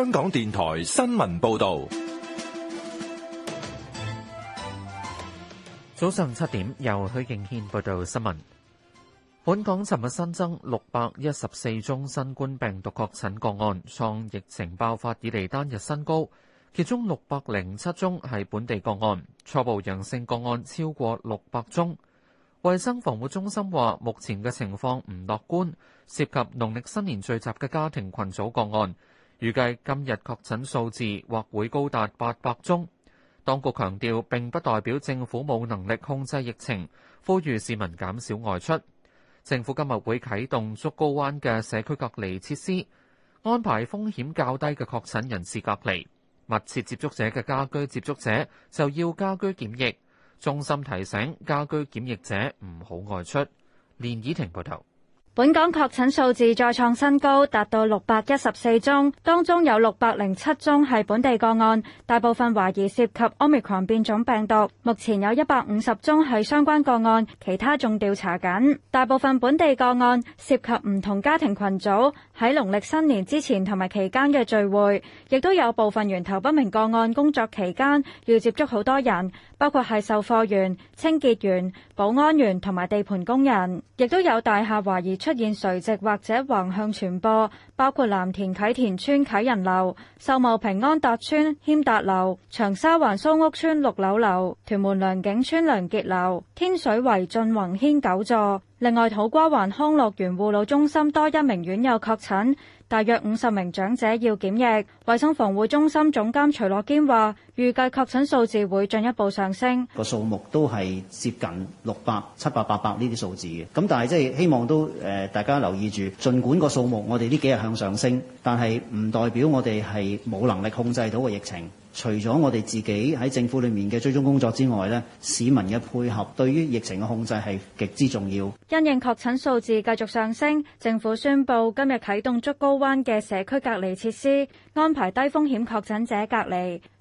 香港電台新聞報道，早上七點由許敬軒報道新聞。本港尋日新增六百一十四宗新冠病毒確診個案，創疫情爆發以嚟單日新高。其中六百零七宗係本地個案，初步陽性個案超過六百宗。衛生防護中心話，目前嘅情況唔樂觀，涉及農曆新年聚集嘅家庭群組個案。預計今日確診數字或會高達八百宗。當局強調，並不代表政府冇能力控制疫情，呼籲市民減少外出。政府今日會啟動竹篙灣嘅社區隔離設施，安排風險較低嘅確診人士隔離，密切接觸者嘅家居接觸者就要家居檢疫。中心提醒家居檢疫者唔好外出。連怡婷報道。本港確診數字再創新高，達到六百一十四宗，當中有六百零七宗係本地個案，大部分懷疑涉及 Omicron 變種病毒。目前有一百五十宗係相關個案，其他仲調查緊。大部分本地個案涉及唔同家庭群組喺農曆新年之前同埋期間嘅聚會，亦都有部分源頭不明個案。工作期間要接觸好多人，包括係售貨員、清潔員、保安員同埋地盤工人，亦都有大廈懷疑出現垂直或者橫向傳播，包括藍田啟田村啟仁樓、秀茂平安達村謙達樓、長沙灣蘇屋村綠柳樓、屯門良景村良傑樓、天水圍俊宏軒九座。另外，土瓜灣康樂園護老中心多一名院友確診。大約五十名長者要檢疫，衛生防護中心總監徐樂堅話，預計確診數字會進一步上升。個數目都係接近六百、七百、八百呢啲數字嘅，咁但係即係希望都誒、呃，大家留意住，盡管個數目我哋呢幾日向上升，但係唔代表我哋係冇能力控制到個疫情。除咗我哋自己喺政府裏面嘅追蹤工作之外，呢，市民嘅配合對於疫情嘅控制係極之重要。因應確診數字繼續上升，政府宣布今日啟動竹篙灣嘅社區隔離設施，安排低風險確診者隔離。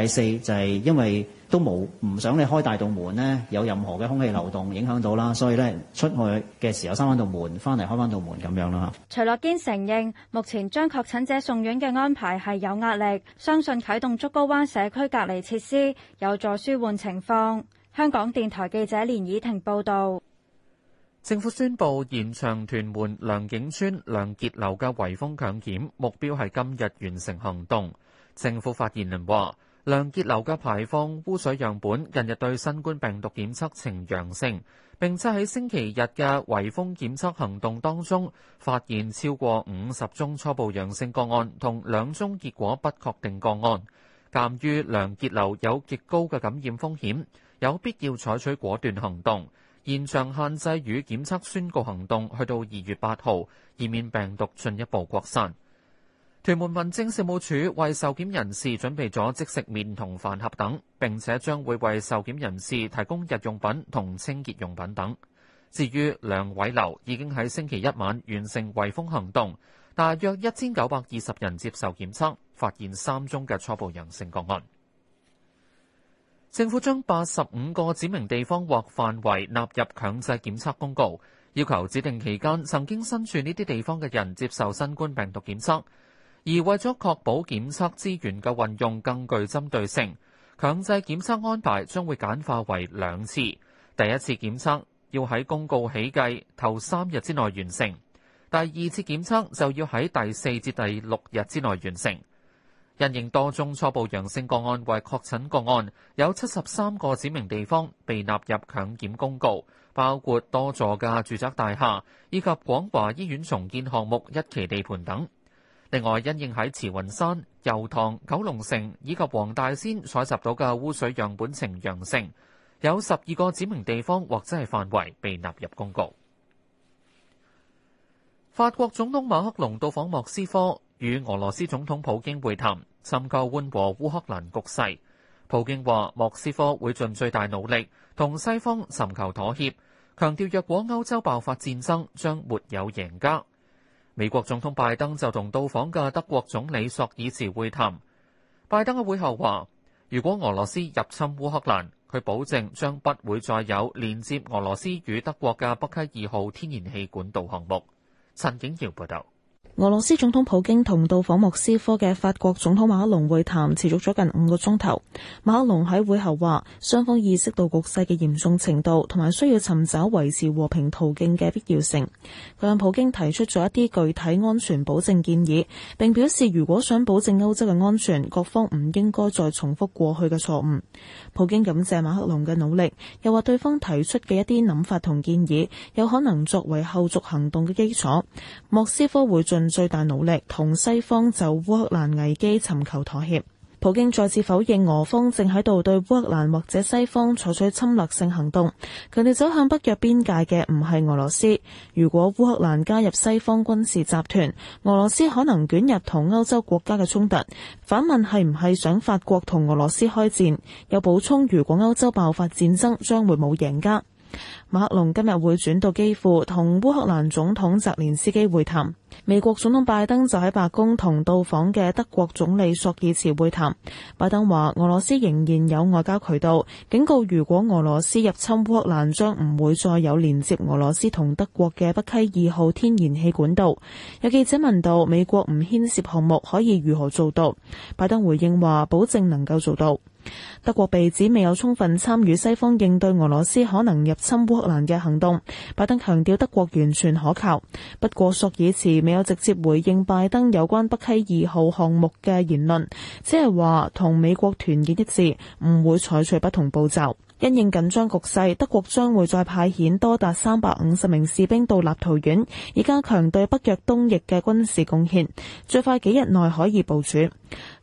第四就係、是，因為都冇唔想你開大道門呢有任何嘅空氣流動影響到啦，所以咧出去嘅時候閂翻道門，翻嚟開翻道門咁樣啦。徐樂堅承認目前將確診者送院嘅安排係有壓力，相信啟動竹篙灣社區隔離設施有助舒緩情況。香港電台記者連以婷報道，政府宣佈延長屯門良景邨良傑樓嘅圍封強檢目標係今日完成行動。政府發言人話。良傑樓嘅排放污水樣本近日對新冠病毒檢測呈陽性，並且喺星期日嘅圍封檢測行動當中，發現超過五十宗初步陽性個案同兩宗結果不確定個案。鑒於良傑樓有極高嘅感染風險，有必要採取果斷行動，現場限制與檢測宣告行動去到二月八號，以免病毒進一步擴散。屯門民政事務處為受檢人士準備咗即食麵同飯盒等，並且將會為受檢人士提供日用品同清潔用品等。至於梁偉樓，已經喺星期一晚完成圍封行動，大約一千九百二十人接受檢測，發現三宗嘅初步陽性個案。政府將八十五個指明地方或範圍納入強制檢測公告，要求指定期間曾經身處呢啲地方嘅人接受新冠病毒檢測。而為咗確保檢測資源嘅運用更具針對性，強制檢測安排將會簡化為兩次。第一次檢測要喺公告起計頭三日之內完成，第二次檢測就要喺第四至第六日之內完成。因應多宗初步陽性個案為確診個案，有七十三個指明地方被納入強檢公告，包括多座嘅住宅大廈以及廣華醫院重建項目一期地盤等。另外，因應喺慈雲山、油塘、九龍城以及黃大仙採集到嘅污水樣本呈陽性，有十二個指明地方或者係範圍被納入公告。法國總統馬克龍到訪莫斯科，與俄羅斯總統普京會談，尋求緩和烏克蘭局勢。普京話莫斯科會盡最大努力同西方尋求妥協，強調若果歐洲爆發戰爭，將沒有贏家。美國總統拜登就同到訪嘅德國總理朔爾茨會談。拜登喺會後話，如果俄羅斯入侵烏克蘭，佢保證將不會再有連接俄羅斯與德國嘅北溪二號天然氣管道項目。陳景瑤報道。俄羅斯總統普京同到訪莫斯科嘅法國總統馬克龍會談持續咗近五個鐘頭。馬克龍喺會後話，雙方意識到局勢嘅嚴重程度同埋需要尋找維持和平途徑嘅必要性。佢向普京提出咗一啲具體安全保證建議，並表示如果想保證歐洲嘅安全，各方唔應該再重複過去嘅錯誤。普京感謝馬克龍嘅努力，又話對方提出嘅一啲諗法同建議有可能作為後續行動嘅基礎。莫斯科會盡最大努力同西方就烏克蘭危機尋求妥協。普京再次否認俄方正喺度對烏克蘭或者西方採取侵略性行動，強調走向北約邊界嘅唔係俄羅斯。如果烏克蘭加入西方軍事集團，俄羅斯可能捲入同歐洲國家嘅衝突。反問係唔係想法國同俄羅斯開戰？又補充，如果歐洲爆發戰爭，將會冇贏家。馬克龍今日會轉到基輔同烏克蘭總統澤連斯基會談，美國總統拜登就喺白宮同到訪嘅德國總理索爾茨會談。拜登話俄羅斯仍然有外交渠道，警告如果俄羅斯入侵烏克蘭，將唔會再有連接俄羅斯同德國嘅北溪二號天然氣管道。有記者問到美國唔牽涉項目可以如何做到，拜登回應話保證能夠做到。德國被指未有充分參與西方應對俄羅斯可能入侵烏克蘭嘅行動，拜登強調德國完全可靠。不過索爾茨未有直接回應拜登有關北溪二號項目嘅言論，只係話同美國團結一致，唔會採取不同步驟。因應緊張局勢，德國將會再派遣多達三百五十名士兵到立陶宛，以加強對北約東翼嘅軍事貢獻，最快幾日內可以部署。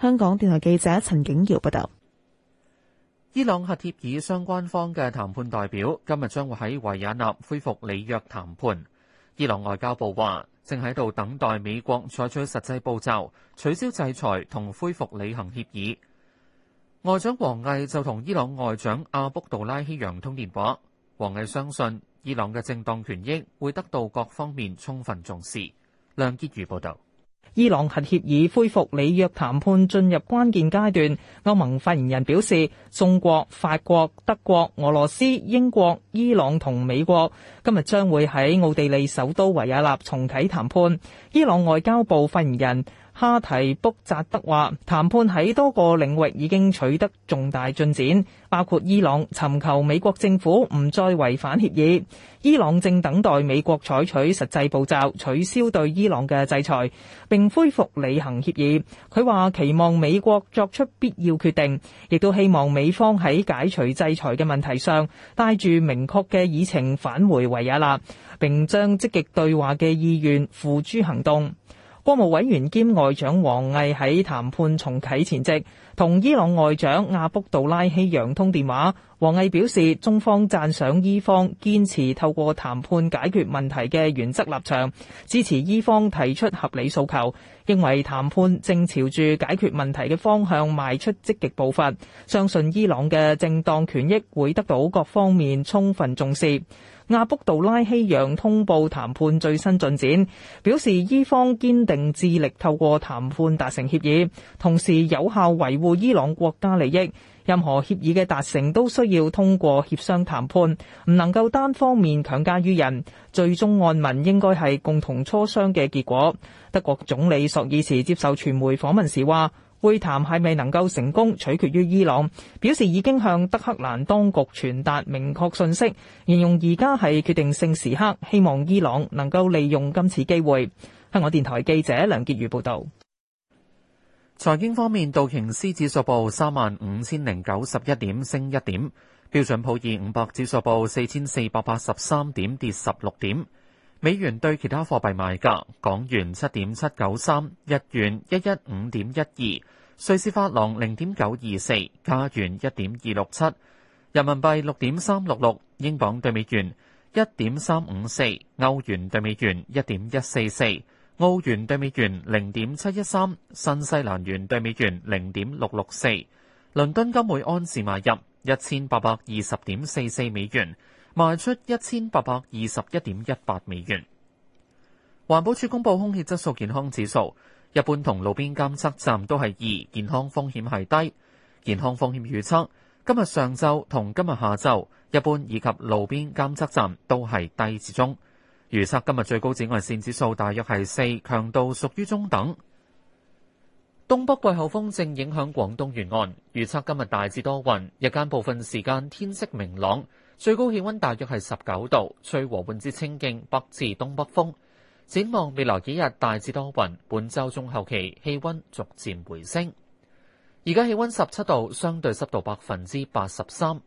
香港電台記者陳景瑤報道。伊朗核協議相關方嘅談判代表今日將會喺維也納恢復履約談判。伊朗外交部話正喺度等待美國採取實際步驟，取消制裁同恢復履行協議。外長王毅就同伊朗外長阿卜杜拉希揚通電話，王毅相信伊朗嘅正當權益會得到各方面充分重視，梁潔如報道。伊朗核協議恢復履約談判進入關鍵階段。歐盟發言人表示，中國、法國、德國、俄羅斯、英國、伊朗同美國今日將會喺奧地利首都維也納重啟談判。伊朗外交部發言人。哈提卜扎德話：談判喺多個領域已經取得重大進展，包括伊朗尋求美國政府唔再違反協議。伊朗正等待美國採取實際步驟，取消對伊朗嘅制裁，並恢復履行協議。佢話期望美國作出必要決定，亦都希望美方喺解除制裁嘅問題上帶住明確嘅議程返回維也納，並將積極對話嘅意願付諸行動。國務委員兼外長王毅喺談判重啟前夕，同伊朗外長阿卜杜拉希揚通電話。王毅表示，中方贊賞伊方堅持透過談判解決問題嘅原則立場，支持伊方提出合理訴求，認為談判正朝住解決問題嘅方向邁出積極步伐，相信伊朗嘅正當權益會得到各方面充分重視。亞卜杜拉希揚通報談判最新進展，表示伊方堅定致力透過談判達成協議，同時有效維護伊朗國家利益。任何協議嘅達成都需要通過協商談判，唔能夠單方面強加於人。最終案文應該係共同磋商嘅結果。德國總理朔爾茨接受傳媒訪問時話，會談係咪能夠成功，取決於伊朗。表示已經向德黑蘭當局傳達明確信息，形容而家係決定性時刻，希望伊朗能夠利用今次機會。香港電台記者梁潔如報道。財經方面，道瓊斯指數報三萬五千零九十一點，升一點；標準普爾五百指數報四千四百八十三點，跌十六點。美元對其他貨幣賣價：港元七點七九三，日元一一五點一二，瑞士法郎零點九二四，加元一點二六七，人民幣六點三六六，英鎊對美元一點三五四，歐元對美元一點一四四，澳元對美元零點七一三，新西蘭元對美元零點六六四。倫敦金每盎司買入一千八百二十點四四美元。賣出一千八百二十一點一八美元。環保署公布空氣質素健康指數，一般同路邊監測站都係二，健康風險係低。健康風險預測今日上晝同今日下晝，一般以及路邊監測站都係低至中。預測今日最高紫外線指數大約係四，強度屬於中等。東北季候風正影響廣東沿岸，預測今日大致多雲，日間部分時間天色明朗。最高氣溫大約係十九度，吹和緩至清勁北至東北風。展望未來幾日大致多雲，本周中後期氣溫逐漸回升。而家氣溫十七度，相對濕度百分之八十三。